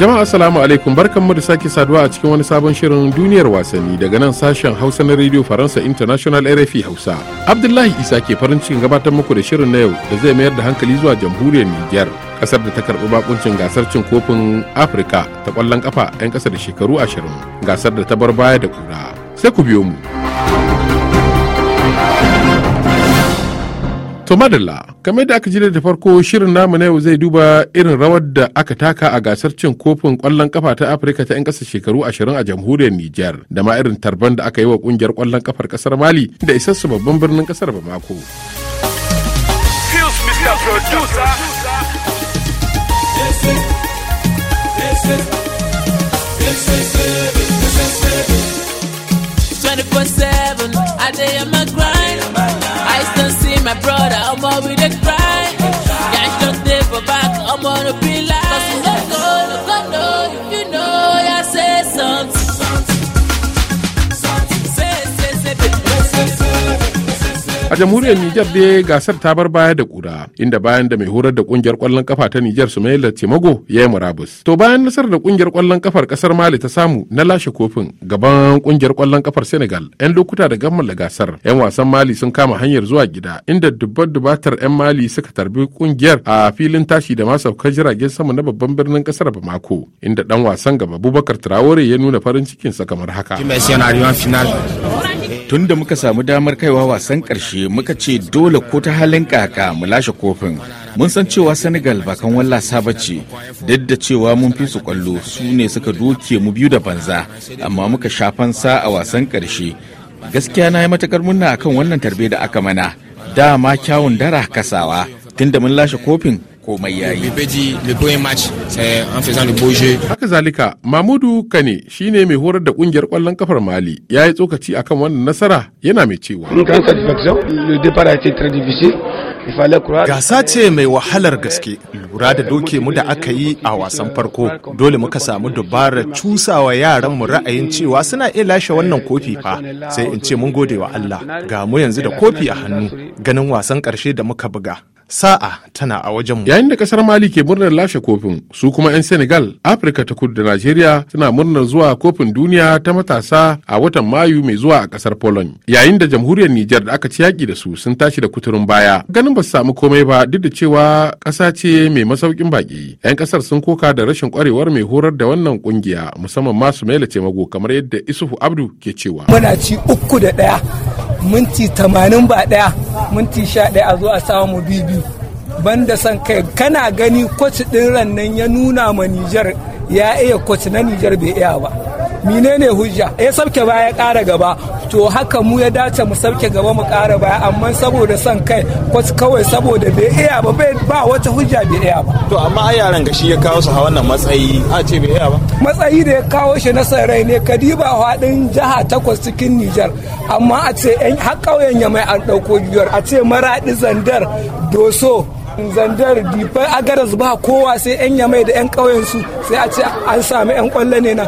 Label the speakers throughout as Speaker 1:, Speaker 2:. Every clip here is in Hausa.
Speaker 1: Jama'a assalamu alaikum barkanmu da sake saduwa a cikin wani sabon shirin duniyar wasanni daga nan sashen Hausa na Radio Faransa International RFI Hausa. Abdullahi Isa ke farin cikin gabatar muku da shirin na yau da zai mayar da hankali zuwa jamhuriyar Nijar, kasar da ta karɓi bakuncin gasar cin kofin Afirka ta kwallon kafa 'yan ƙasa da shekaru ashirin gasar da ta bar baya da kura. Sai ku biyo mu. To madalla, kamar da aka ji da farko shirin namu na yau zai duba irin rawar da aka taka a gasar cin kofin kwallon kafa ta Afirka ta 'yan ƙasa shekaru 20 a jamhuriyar Nijar, da ma irin tarban da aka yi wa kungiyar kwallon kafar kasar Mali da isassu babban birnin ƙasar Bamako.
Speaker 2: Twenty-four seven, I my grind.
Speaker 1: A jamhuriyar Nijar dai gasar ta bar baya da kura inda bayan da mai horar da kungiyar kwallon kafa ta Nijar su Sumaila Timago ya yi murabus. To bayan nasar da kungiyar kwallon kafar kasar Mali ta samu na lashe kofin gaban kungiyar kwallon kafar Senegal yan lokuta da gammala gasar yan wasan Mali sun kama hanyar zuwa gida inda dubbar dubatar yan Mali suka tarbi kungiyar a filin tashi da masaukar jiragen sama na babban birnin kasar Bamako inda dan wasan gaba abubakar Traore ya nuna farin cikinsa kamar haka. Tun da muka samu damar kaiwa wasan ƙarshe ƙarshe muka ce dole ko ta halin kaka mu lashe kofin mun san cewa senegal
Speaker 3: bakan kan wallasa ba ce duk da cewa mun fi su kwallo su ne suka doke mu biyu da banza amma muka sa a wasan ƙarshe gaskiya na yi matakar murna akan wannan
Speaker 1: tarbe da aka mana dama kyawun dara kasawa tunda mun lashe kofin komai ya yi. Haka zalika Mamudu Kane shine mai horar da kungiyar kwallon kafar Mali ya yi tsokaci akan wannan nasara yana mai cewa. Gasa ce mai wahalar gaske
Speaker 3: lura da doke mu da aka yi a wasan farko dole muka samu dabarar cusawa yaran mu ra'ayin cewa suna iya lashe wannan kofi fa sai in ce mun gode wa Allah ga mu yanzu da
Speaker 1: kofi a hannu ganin wasan karshe da muka buga sa'a tana a wajen mu. Yayin da kasar Mali ke murnar lashe kofin su kuma 'yan Senegal, Afirka ta kudu da Najeriya suna murnar zuwa kofin duniya ta matasa a watan Mayu mai zuwa a kasar Poland. Yayin da jamhuriyar Nijar da aka ci yaƙi da su sun tashi da kuturun baya. Ganin ba su samu komai ba duk da cewa ƙasa ce mai masaukin baƙi. 'Yan ƙasar sun koka da rashin ƙwarewar mai horar da wannan ƙungiya musamman ma su maila mago kamar yadda isufu Abdu ke cewa.
Speaker 2: Muna ci uku da ɗaya minti tamanin ba ɗaya minti sha ɗaya a zo a samu bibi banda son kai kana gani kwaci ɗin nan ya nuna ma nijar ya iya kwaci na nijar bai iya ba menene hujja ya eh, sauke baya kara gaba to haka mu ya dace mu sauke gaba mu kara baya amma saboda son kai kawai saboda bai iya ba ba wata hujja bai iya ba to amma ai yaran gashi ya kawo su a wannan matsayi a ce bai iya ba matsayi da ya kawo shi na san rai ne kadiba haɗin jiha takwas cikin Nijar amma a ce har ƙauyen ya mai an ɗauko biyar a ce maraɗi zandar doso zandar dipa agaras ba kowa sai 'yan yamai da 'yan ƙauyen su sai a ce an sami 'yan ƙwallo ne na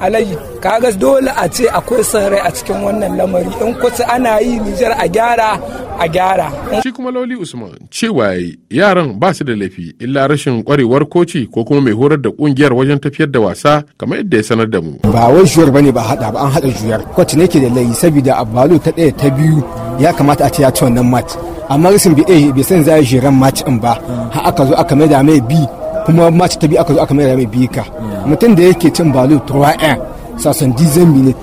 Speaker 2: alaji kaga dole a ce akwai son rai a cikin wannan lamari in kusa ana yi nijar
Speaker 1: a gyara a gyara shi kuma lauli usman cewa yaran ba su da laifi illa rashin kwarewar koci ko kuma mai horar da kungiyar wajen tafiyar da wasa kamar yadda ya sanar da mu
Speaker 2: ba wai juyar bane ba hada ba an hada juyar kwaci ke da laifi saboda abalu ta daya ta biyu ya kamata a ce ya ci wannan match amma rashin bi bai san zai jiran match in ba har aka zo aka mai da mai bi kuma mace ta bi aka zo aka mai mai biyu ka mutum da yake cin balu turwa sassan dizan minit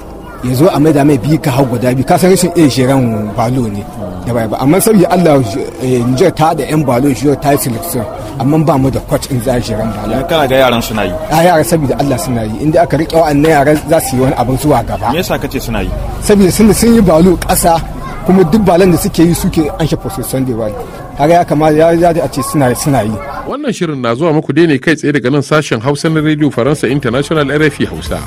Speaker 2: ya zo a maida mai biyu ka hau guda biyu kasan rashin iya shirin balo ne da bai ba amma sabi Allah eh, Niger ta da yan balu shi ta yi selection amma ba mu da coach in za a shirin balo
Speaker 3: kana ga yaran suna yi
Speaker 2: a yara da Allah suna yi inda aka rike wa'annan yaran za su yi wani abin zuwa gaba me
Speaker 3: yasa kace suna yi
Speaker 2: da sun yi balu ƙasa kuma duk balan da suke yi suke an shafa sosai da wani kaga ya kama ya ya a ce suna suna yi
Speaker 1: wannan shirin na zuwa muku dai ne kai tsaye daga nan sashen Hausa na rediyo Faransa International RFI Hausa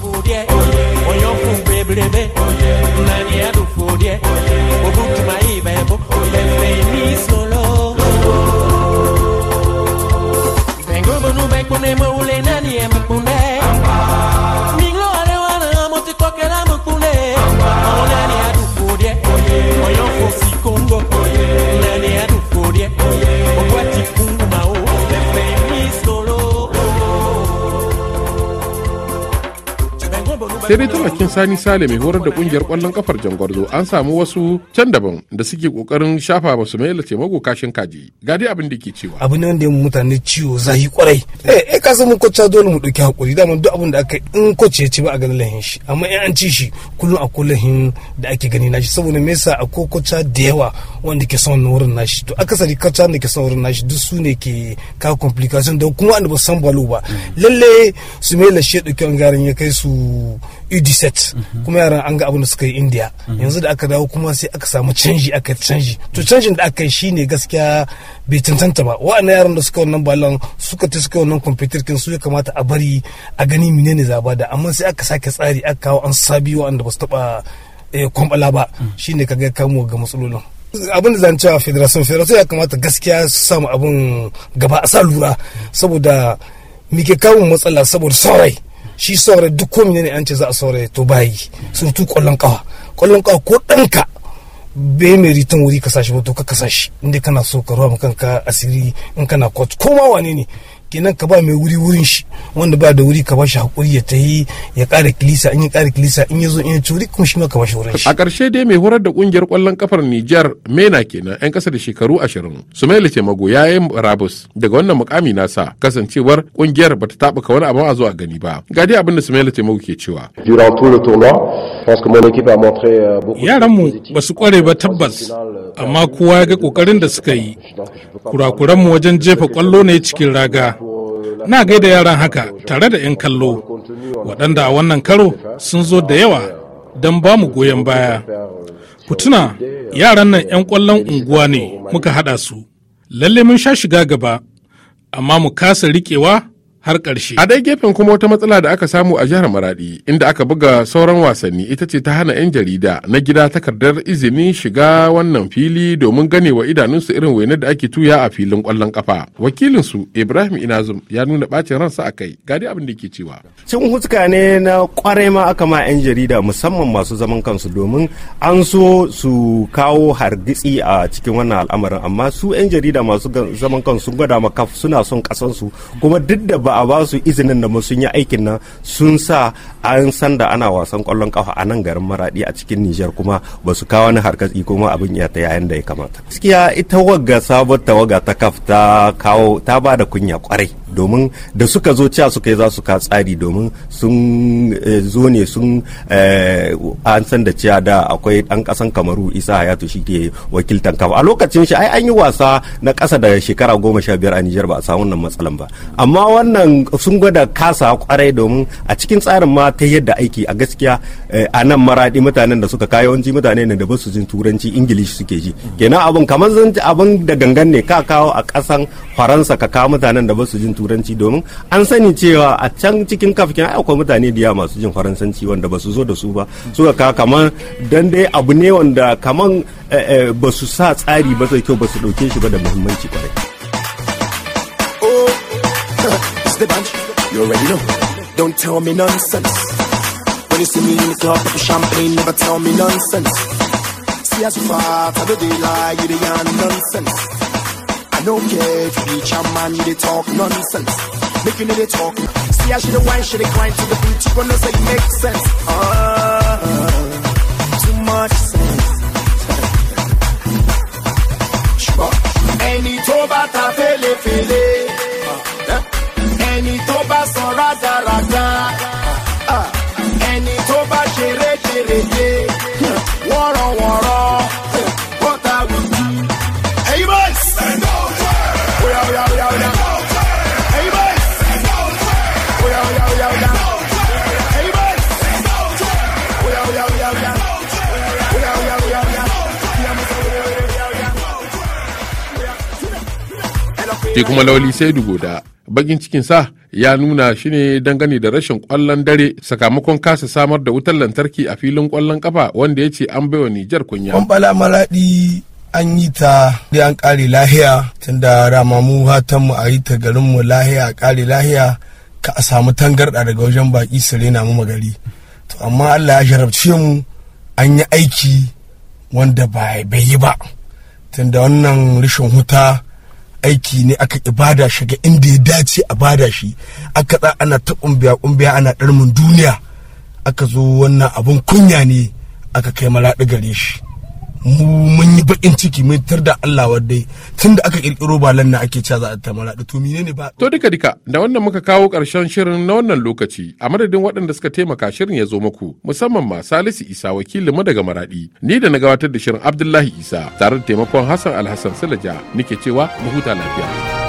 Speaker 1: sai dai ta bakin sani sale mai horar da kungiyar kwallon kafar jangwarzo an samu wasu can daban da suke kokarin shafa ba su mai lace mago kashin kaji ga abin da ke cewa abu ne wanda ya mutane
Speaker 2: ciwo zahi kwarai eh, eh ka san mun kwacca dole mu dauki hakuri da mun duk abin da aka in kwace ci ba a ganin lahin shi amma in an ci shi kullum a kullahin da ake gani nashi saboda me yasa akwai kwacca da yawa wanda ke son wurin nashi to akasari kwacca da ke son wurin nashi duk su ne ke ka complication da kuma wanda ba san balo ba mm. lalle su mai lace dauki garin ya kai su UDSET mhm. kuma yaran an ga abin da suka yi india mhm. yanzu da aka dawo kuma sai aka samu canji aka canji to canjin da aka yi shine gaskiya bai cancanta ba wa'annan yaran da suka wannan balon suka ta suka wannan kwamfutar kin su ya kamata a bari a gani menene zaba da amma sai aka sake tsari aka kawo an sabi wa'anda ba su taba eh, kwambala ba mm. shine kaga kamu ga matsalolin abin da zan cewa federation federation ya kamata gaskiya su samu abin gaba a sa lura saboda muke kawo matsala saboda saurayi. shi saurayi duk ko ne an ce za a saurayi to bayi surutu kwallon kawa kwallon kawa ko ɗanka bai meritan wuri ka sashi ba to ka kasa shi inda kana so ka ruwa kanka asiri in kana court ko ma wane ne kenan ka ba mai wuri wurin shi wanda ba da wuri ka ba shi hakuri ya tahi ya ƙara kilisa in ya kara kilisa in ya zo in ya curi kuma shi ma ka ba shi wurin shi a
Speaker 1: ƙarshe dai mai horar da ƙungiyar ƙwallon kafar Nijar Mena kenan 'yan kasa da shekaru ashirin Sumaila Temago ya yi rabus daga wannan mukami nasa kasancewar ƙungiyar bata ka wani abu a zo a gani ba ga dai abin da Sumaila Temago ke cewa euh, yaranmu ba su kware ba tabbas amma euh, kowa ya ga kokarin da suka yi kurakuran mu wajen jefa kwallo ne cikin raga na gaida yaran haka tare da 'yan kallo waɗanda a wannan karo sun zo da yawa don ba mu goyon baya ku yaran nan 'yan ƙwallon unguwa ne muka haɗa su lalle mun sha shiga gaba amma mu kasa riƙewa har karshe A dai gefen kuma wata matsala da aka samu a jihar Maradi inda aka buga sauran wasanni ita ce ta hana 'yan jarida na gida takardar izinin shiga wannan fili domin gane wa idanunsu irin wainar da ake tuya a filin kwallon kafa. Wakilinsu Ibrahim Inazum ya nuna ɓacin ransa a kai gadi abin da ke cewa.
Speaker 3: Cin huska ne na ƙwarai ma aka ma 'yan jarida musamman masu zaman kansu domin an so su kawo hargitsi a cikin wannan al'amarin amma su 'yan jarida masu zaman kansu gwada makaf suna son kasansu kuma duk da ba. ba a ba su izinin da sun yi aikin nan sun sa an san da ana wasan kwallon kafa a nan garin maradi a cikin nijar kuma ba su kawo wani harkatsi kuma abin ya ta yayin da ya kamata gaskiya ita wagga sabon tawaga ta kaf ta kawo ta ba da kunya kwarai domin da suka zo cewa suka yi za su ka tsari domin sun eh, zo ne sun eh, an san da cewa da akwai ɗan ƙasan kamaru isa hayatu shi ke wakiltan kafa a lokacin shi ai an yi wasa na kasa da shekara goma sha biyar a nijar ba a samu wannan matsalan ba amma wannan sun gwada kasa kwarai domin a cikin tsarin ma ta yadda aiki a gaskiya eh, a nan maraɗi mutanen da suka kayo yawanci mutane ne da ba su jin turanci ingilishi suke ji kenan abin kamar zan abin da gangan ne ka kawo a ƙasan faransa ka kawo mutanen da ba su jin turanci turanci domin an sani cewa a can cikin kafin akwai mutane da yawa masu jin faransanci wanda ba su zo da su ba su ka kamar dan dai abu ne wanda kamar eh, eh, ba su sa tsari ba sai kyau ba su dauke shi ba da muhimmanci
Speaker 2: kwarai oh, No care if each a man, they talk
Speaker 3: nonsense. Making it a talk. See how she the wine, she the grind to the beat. You gonna say make sense. Ah, uh, too much sense. Ẹni tó bá ta any toba tó bá sọ rádaràda, ẹni tó bá
Speaker 1: Shi kuma lauli sai dugoda bakin sa ya nuna shi ne dangane da rashin kwallon dare sakamakon kasa samar da wutar lantarki a filin kwallon kafa wanda ya ce an baiwa Nijar kunya. bala
Speaker 2: maraɗi an yi ta da an kare lahiya tunda ramamu hatanmu a yi ta garinmu lahiya a kare lahiya ka a samu tangarɗa daga wajen baki su na mu magari. To amma Allah ya jarabce mu an yi aiki wanda bai yi ba tunda wannan rashin huta aiki ne aka ibada shi ga inda ya dace a bada shi aka tsa ana ta kumbiya kumbiya ana darmin duniya aka zo wannan abun kunya ne aka kai malaɗi gare shi mun yi bakin ciki mun tar da Allah wadai tun da aka kirkiro balan na ake cewa za a ta maraɗi to mine ne
Speaker 1: ba. To duka duka da wannan muka kawo ƙarshen shirin na wannan lokaci a madadin waɗanda suka taimaka shirin ya zo muku musamman ma Salisu Isa wakilin mu daga Maradi ni da na gabatar da shirin Abdullahi Isa tare da taimakon Hassan Alhassan Silaja nike cewa mu huta lafiya.